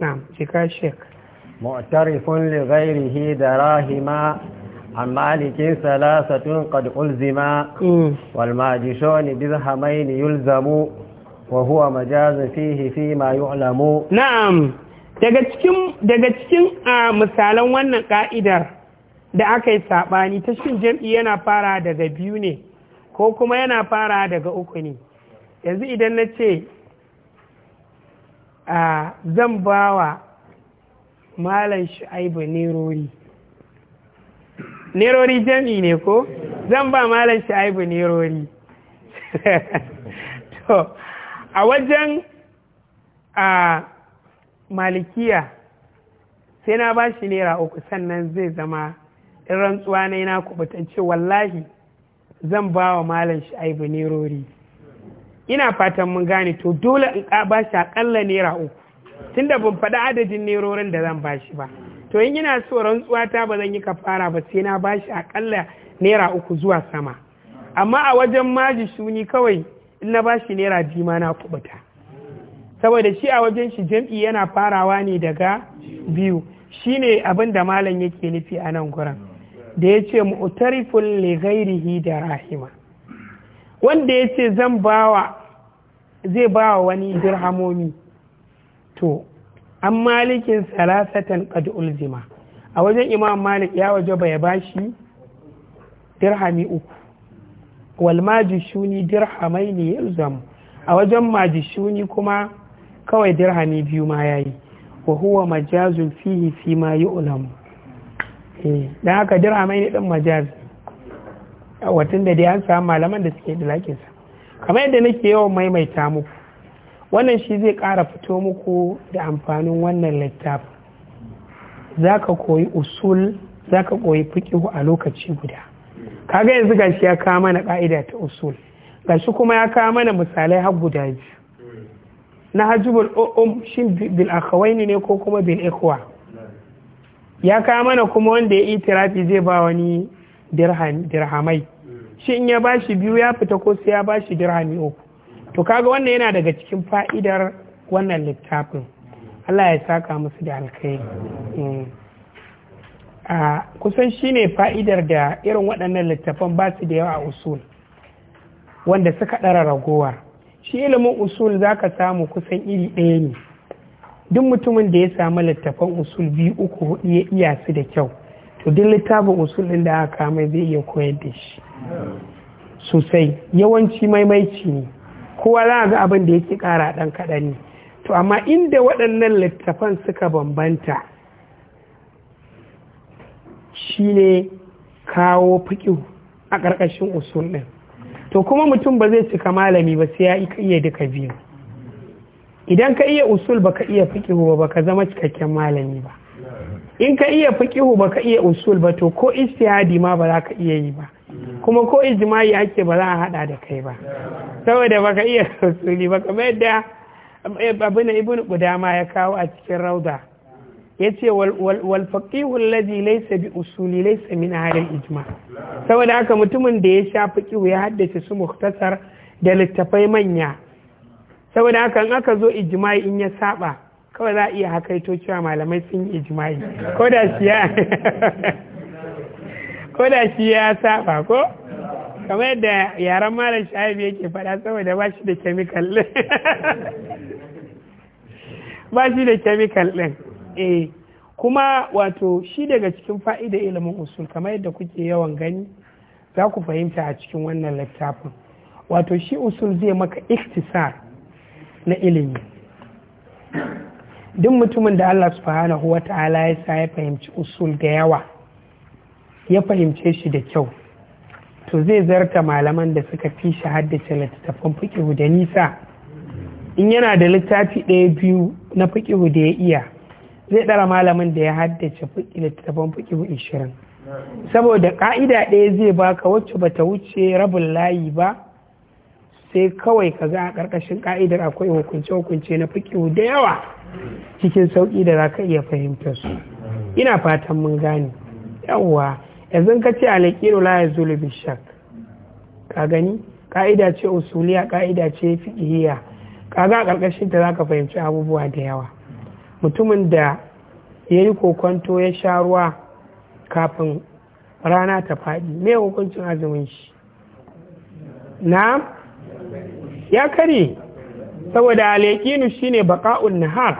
na'am cika shek mu'tarifun li ghairihi darahima salasatun ثلاثة قد ألزما والماجشون درهمين yulzamu wa huwa majaza fihi fi ma yu'lamu na'am daga cikin daga cikin misalan wannan ka'idar da aka yi sabani ta shin jam'i yana fara daga biyu ne ko kuma yana fara daga uku ne yanzu idan na ce zan ba wa malam shu'aibu nerori nerori jam'i ne ko zan ba malam shu'aibu nerori *laughs* to a wajen a malikiya sai na ba shi naira uku sannan zai zama in rantsuwa na yana kubutance wallahi zan ba wa malam aibu nerori ina fatan mun gane to dole in ba shi akalla naira uku tunda ban faɗi adadin nerorin da zan ba shi ba to in ina so rantsuwa ta ba zan yi kafara ba sai na ba shi akalla naira uku zuwa sama amma a wajen maji shuni kawai in na ba shi naira biyu ma na kubuta saboda shi a wajen shi jam'i yana farawa ne daga biyu shi abin da malam yake nufi a nan gurin da ya ce mu'tarifun li ghairihi da rahima wanda ya ce zan bawa zai bawa wani dirhamomi to an malikin salasatan qad ulzima a wajen imam malik ya waje bai bashi dirhami uku wal majishuni dirhamaini yalzam a wajen majishuni kuma kawai dirhami biyu ma yayi wa huwa majazun fihi fi ma yu'lamu eh dan haka dirhamaini din majaz watan da dai an samu malaman da suke da kamar yadda nake yawan maimaita muku wannan shi zai ƙara fito muku da amfanin wannan littafin za ka koyi usul za ka koyi fiƙihu a lokaci guda kaga yanzu ga shi ya kawo mana ka'ida ta usul shi kuma ya kawo mana misalai har guda biyu na hajjubul um shin bil akhawaini ne ko kuma bil ikhwa ya kawo mana kuma wanda ya itirafi zai ba wani dirhamai shi in ya shi biyu ya fita ko sai ya ba bashi dirhami uku to kaga wannan yana daga cikin fa'idar wannan littafin Allah ya saka musu da alkhairi mm. a kusan shine fa'idar da irin waɗannan littafan ba su da yawa a usul wanda suka ɗara ragowar shi ilimin usul za ka samu kusan iri ɗaya ne duk mutumin da ya samu littafan usul biyu uku hudu ya iya su da kyau to duk littafin usul ɗin da aka mai zai iya koyar da shi sosai yawanci maimaici ne kowa za ga abin da yake ƙara ɗan kaɗan to amma inda waɗannan littafan suka bambanta Shi ne kawo fiƙihu a ƙarƙashin usul ɗin to kuma mutum ba zai cika malami ba sai ya iya duka biyu idan ka iya usul ba ka iya fiƙihu ba ka zama cikakken malami ba in ka iya fiƙihu ba ka iya usul ba to ko istihadi ma ba za ka iya yi ba kuma ko ijma'i ake ba za a haɗa da kai ba saboda ba ka iya *laughs* usuli ba kamar yadda eh, abin ibn qudama ya kawo a cikin rauda yace wal faqihu alladhi laysa bi usuli laysa min ahli ijma saboda haka mutumin da ya sha fiqihu ya haddace su muhtasar da littafai manya saboda haka in aka zo ijma'i in ya saba kawai za a iya to cewa malamai sun yi ijma'i ko da shi ya *laughs* shi ya saba ko kamar yadda yaran malam shahibi yake faɗa saboda ba shi da chemical *laughs* ba shi da kemikal ɗin eh kuma wato shi daga cikin fa'ida ilimin usul kamar yadda kuke yawan gani za ku fahimta a cikin wannan littafin wato shi usul zai maka iktisar na ilimi duk mutumin da Allah subhanahu wa ta'ala ya sa ya fahimci usul da yawa ya fahimce shi da kyau to zai zarta malaman da suka fi shi haddace littattafan fiƙihu da nisa in yana da littafi ɗaya biyu na fiƙihu da ya iya zai ɗara malamin da ya haddace tafan littattafan bu ishirin saboda ƙa'ida ɗaya zai baka wacce ba ta wuce rabin layi ba sai kawai ka ga a ƙarƙashin ƙa'idar akwai hukunce-hukunce na fuki da yawa cikin sauƙi da za ka iya fahimta su ina fatan mun gane yawwa yanzu ka ce alaƙiru la ya zulu ka gani ƙa'ida ce usuliya ƙa'ida ce fiƙihiya ka ga a ƙarƙashin ta za ka fahimci abubuwa da yawa mutumin da ya yi kokonto ya sha ruwa kafin rana ta faɗi me hukuncin azumin shi na ya kare saboda alekinu shine baka'un nahar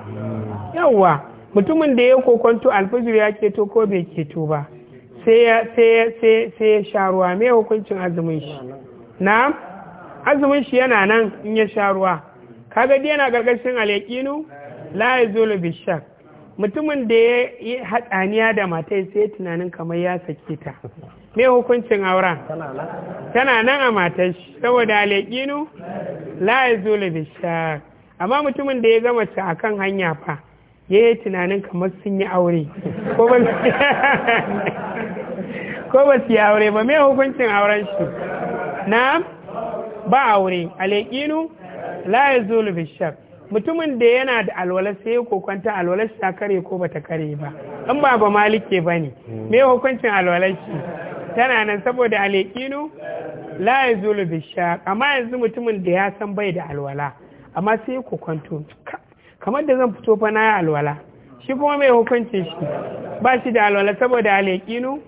yawwa mutumin da ya kokonto alfijir ya keto ko bai keto ba sai ya sha ruwa me hukuncin azumin shi na azumin shi yana nan in ya sha ruwa kaga dai yana gargashin alekinu la yazulu bi mutumin da ya yi hatsaniya da matai sai tunanin kamar ya sake ta me hukuncin auren tana nan a matai shi saboda alaƙinu la yazulu bi amma mutumin da ya gama ta kan hanya fa ya yi tunanin kamar sun yi aure ko ba su *laughs* yi aure ba mai hukuncin auren shi na ba aure alaƙinu la ya zo mutumin da yana da alwala sai ya kwanta alwalar ta kare ko bata kare ba in ba ba malike bane me hukuncin alwalar shi tana nan saboda alekinu la yazulu bisha amma yanzu mutumin da ya san bai da alwala amma sai ya kokonto kamar da zan fito fa na alwala shi kuma mai hukunci shi ba shi da alwala saboda alekinu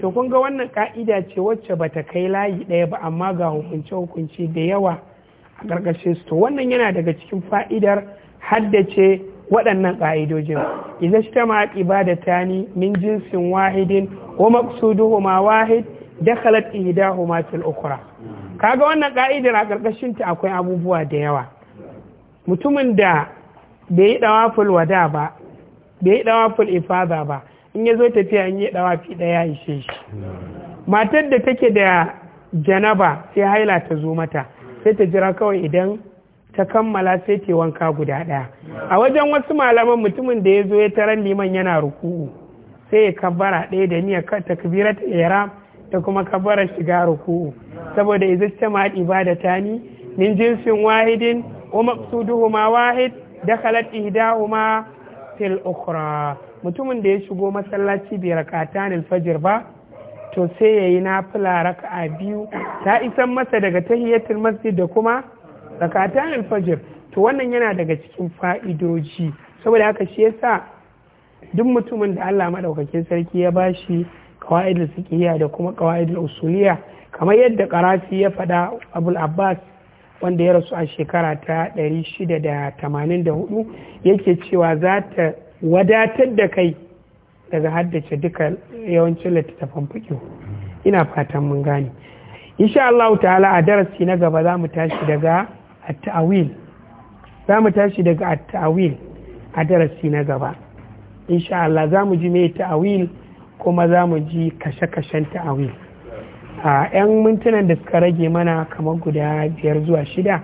to kun ga wannan ka'ida ce wacce bata kai layi ɗaya ba amma ga hukunce hukunci da yawa a ƙarƙashin su to wannan yana daga cikin fa'idar haddace waɗannan ƙa'idojin idan shi ta ma min jinsin wahidin wa huma wahid da dakhalat huma fil ukura kaga wannan ƙa'idar a ƙarƙashin ta akwai abubuwa da yawa mutumin da bai yi ɗawaful wada ba bai yi ifada ba in ya zo tafiya in yi ɗaya ɗaya ishe shi matar da take da janaba sai haila ta zo mata sai ta jira kawai idan ta kammala sai ta wanka guda ɗaya a wajen wasu malaman mutumin da ya zo ya taran liman yana ruku'u sai ya kabbara ɗaya da niyyar ta kabira ta ihram da kuma kabbara shiga ruku'u saboda izista ma ta tani min jinsin wahidin wa ma wahid da dakhalat ihdahuma fil ukhra mutumin da ya shigo masallaci bai rakata fajr ba to sai ya yi nafila raka'a biyu ta isan masa daga tahiyatul masjid da kuma rakatan alfajir to wannan yana daga cikin fa'idoji saboda haka shi yasa duk mutumin da Allah madaukakin sarki ya bashi qawaidul fiqhiyya da kuma qawaidul usuliyya kamar yadda qarafi ya faɗa Abul Abbas wanda ya rasu a shekara ta 684 yake cewa za ta wadatar da kai daga haddace duka yawancin littattafan fiƙi ina fatan mun gane insha Allah ta'ala a darasi na gaba za mu tashi daga at-ta'wil za mu tashi daga at-ta'wil a darasi na gaba insha Allah za mu ji mai ta'awil kuma za mu ji kashe-kashen ta'awil a 'yan mintunan da suka rage mana kamar guda biyar zuwa shida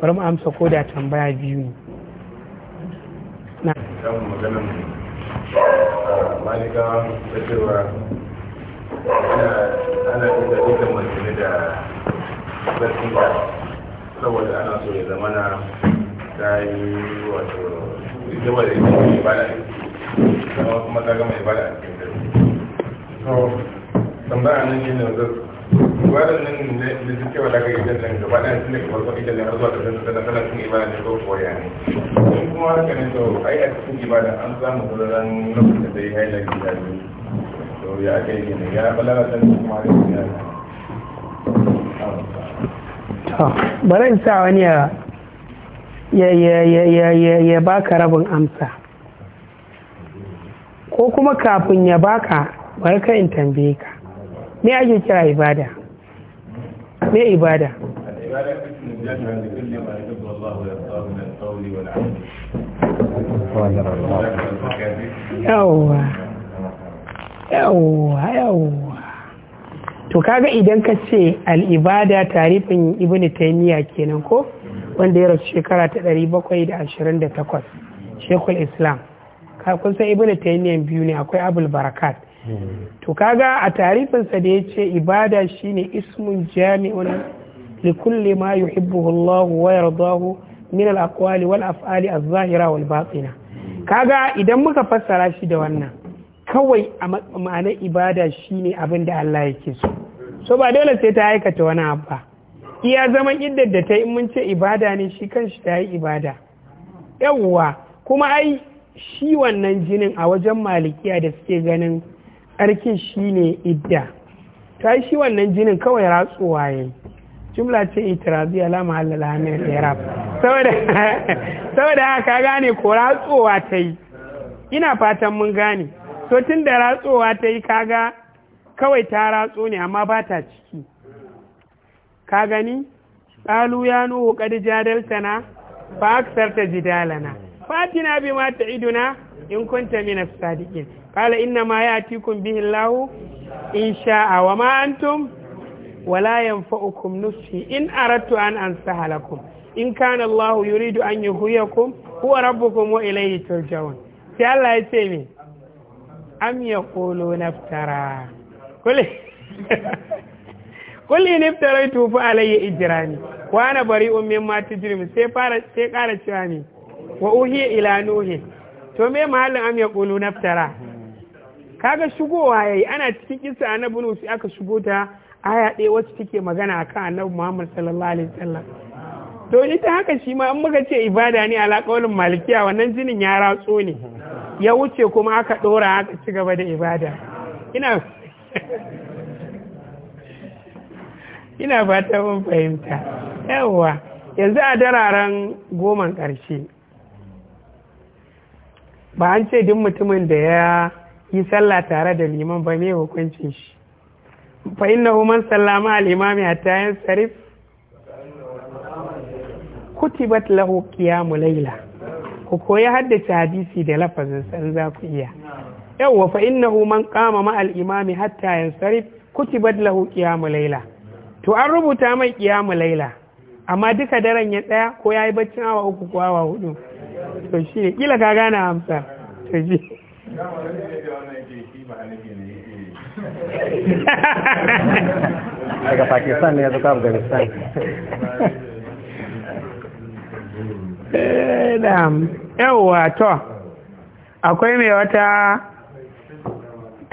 bari mu amsa ko da tambaya biyu ne na amma ni cewa ana ana inda duka mantane da zarfinta saboda ana so ya zama na ta yi wato gaba da ita mai bada kuma ta gama ibada a cikin gari. tambaya nan shi ne waɗannan da suke wa daga idan nan gaba ɗaya sun daga farko idan nan zuwa ƙarshen su tana cikin ibada ne ko koya ne in kuma haka ne to ai a cikin ibadar an samu wuraren lokacin da zai haila gida biyu to ya aka yi ne ya balara ta kuma da gida bari in sa wani ya baka rabin amsa ko kuma kafin ya baka bari ka in tambaye ka me ake kira ibada me ibada yawwa yawwa yawwa to kaga idan ka ce al'ibada tarifin ibn taymiya kenan ko wanda ya rasu shekara ta 728 shekul islam Ka san ibn biyu ne akwai abul barakat to kaga a tarifinsa da ya ce ibada shine ismun jami'un li kulli ma yuhibbuhu Allah wa yardahu min al aqwali wal af'ali az-zahira wal batina kaga idan muka fassara shi da wannan kawai a ma'anar ibada shine abin da Allah yake so so ba dole sai ta aikata wani abba iya zaman iddar da ta yi mun ce ibada ne shi kanshi ta yi ibada yawwa kuma ai shi wannan jinin a wajen malikiya da suke ganin shi ne idda ta yi shi wannan jinin kawai ratsuwa ya yi jimla ce itirazi alama halala hannun irab saboda haka gane ko ratsuwa ta yi ina fatan mun gane so tun da ratsuwa ta yi kaga kawai ta ratsu ne amma ba ta ciki ka gani tsalu ya nuhu ƙadi jadaltana fa aksarta jidalana fatina bi ma ta iduna in kunta mina sadiƙin Ƙala inna ma ya ya'tikum bihin lahu, in sha'a wa ma antum wala yanfa'ukum nusi in aradtu an ansaha lakum in kana Allahu yuridu an yuhyikum huwa rabbukum wa ilayhi turja'un sai Allah ya ce me am ya yaqulu naftara kulli *laughs* kulli tufu fa ijirani, ijrani wa ana bari'un mimma tujrim sai fara sai kara cewa ne wa uhiya ila nuhi to me mahallin am ya yaqulu naftara kaga shigowa yayi ana cikin kisa annabi nu sai aka shigo ta aya ɗaya wacce take magana akan annabi Muhammad sallallahu alaihi wasallam to ita haka shi ma in muka ce ibada ne ala kaulin malikiya wannan jinin ya ratso ne ya wuce kuma aka ɗora aka ci gaba da ibada ina *laughs* ina fata mun fahimta yawa yanzu a dararen goman ƙarshe ba an ce duk mutumin da ya yi sallah tare da liman ba me hukuncin shi fa innahu man sallama al imami hatta yansarif kutibat lahu qiyamu layla ku koya haddace hadisi da lafazin san za ku iya yawwa fa innahu man qama ma al imami hatta yansarif kutibat lahu qiyamu layla to an rubuta mai qiyamu layla amma duka daren ya tsaya ko yayi baccin awa uku ko awa hudu to shi kila ka gane amsa to shi daga pakistan ne ya zuka afghanistan eh, na'am yawwa to akwai mai wata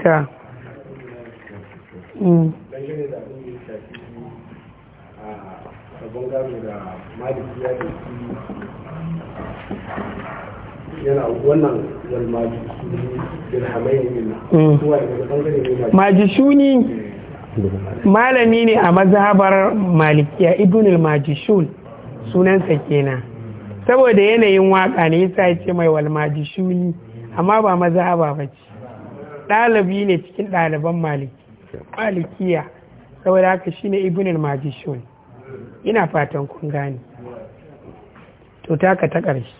ta da hmm. yana wannan majishuni malami ne a mazhabar malikiya ibnul majishun sunansa kenan saboda yanayin waka ne yasa mai wal majishuni amma ba mazhaba ba ce dalibi ne cikin daliban maliki malikiya saboda haka shine ibnul majishun ina fatan kun gane to taka ta karshe.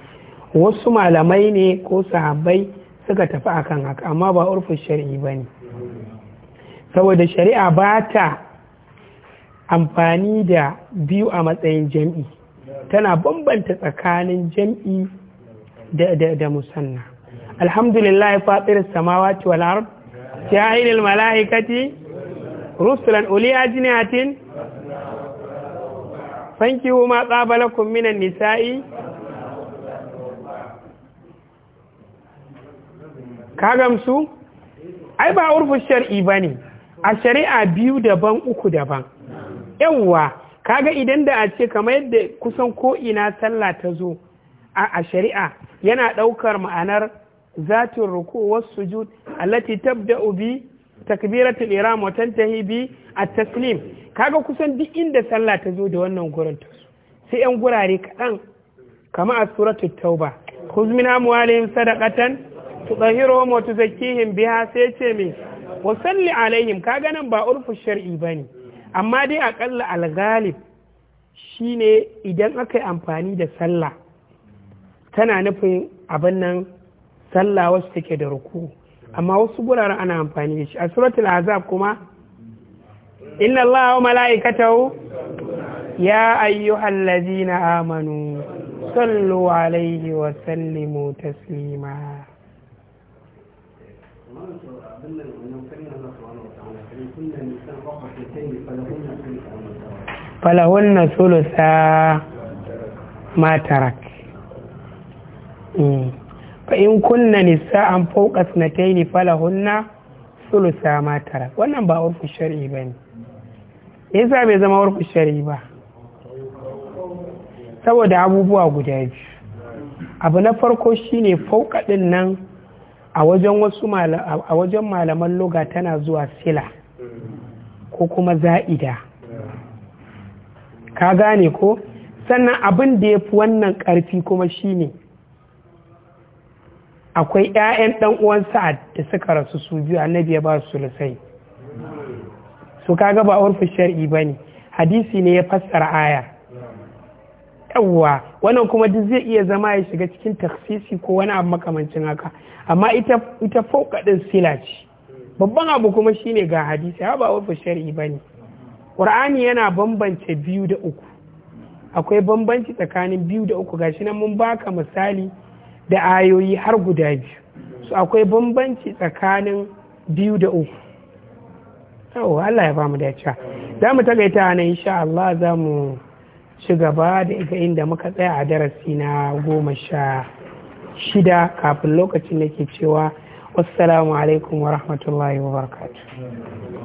wasu malamai ne ko sahabbai suka tafi akan haka amma ba urfin shari'i ba ne saboda shari'a ba ta amfani da biyu a matsayin jam'i tana bambanta tsakanin jam'i da musanna alhamdulillah fatir samawati wal ard ja'ilil malaikati rusulan uli thank you ma qabalakum minan nisa'i ka gamsu ai ba urfu shar'i ne, a shari'a biyu daban uku daban yawwa kaga idan da a ce kamar yadda kusan ko'ina sallah ta zo a shari'a yana ɗaukar ma'anar zatin ruku wasu sujud allati tabda'u bi takbiratul ihram wa tantahi bi at-taslim kaga kusan duk inda sallah ta zo da wannan gurin ta sai yan gurare kaɗan kamar a suratul tauba Kuzmina mawalin sadaqatan tudahiruhum wa tuzakkihim biha sai ce me wa salli alaihim ka ganin ba urfu shar'i bane amma dai akalla algalib shine idan aka yi amfani da sallah tana nufin abin nan sallah wasu take da ruku amma wasu guraren ana amfani da shi a suratul azab kuma inna allaha wa mala'ikatahu ya ayyuhal amanu sallu alaihi wa sallimu taslima falahunna sulusa matarak fa in kunna nisa'an fawqa sanatayn falahunna sulusa matarak wannan ba urfu shar'i bane yasa bai zama urfu shar'i ba saboda abubuwa guda biyu abu na farko shine fawqa din nan a wajen wasu a wajen malaman loga tana zuwa sila ko kuma za'ida ka gane ko sannan abin da ya fi wannan ƙarfi kuma shi ne. akwai 'ya'yan ɗan uwan sa'ad da suka rasu su biyu annabi ya ba su sulusai su kaga ba urfin shar'i ba ne hadisi ne ya fassara ayar yawwa wannan kuma duk zai iya zama ya shiga cikin taksisi ko wani abu makamancin haka amma ita ita fauka sila ce babban abu kuma shine ga hadisi ba wafa ba bane qur'ani yana bambance biyu da uku akwai bambanci tsakanin biyu da uku gashi nan mun baka misali da ayoyi har guda biyu so akwai bambanci tsakanin biyu da uku oh Allah ya bamu dacewa za mu tagaita nan insha Allah za mu ci gaba da ita inda muka tsaya a darasi na goma sha shida kafin lokacin da ke cewa wassalamu alaikum wa rahmatullahi wa barakatu.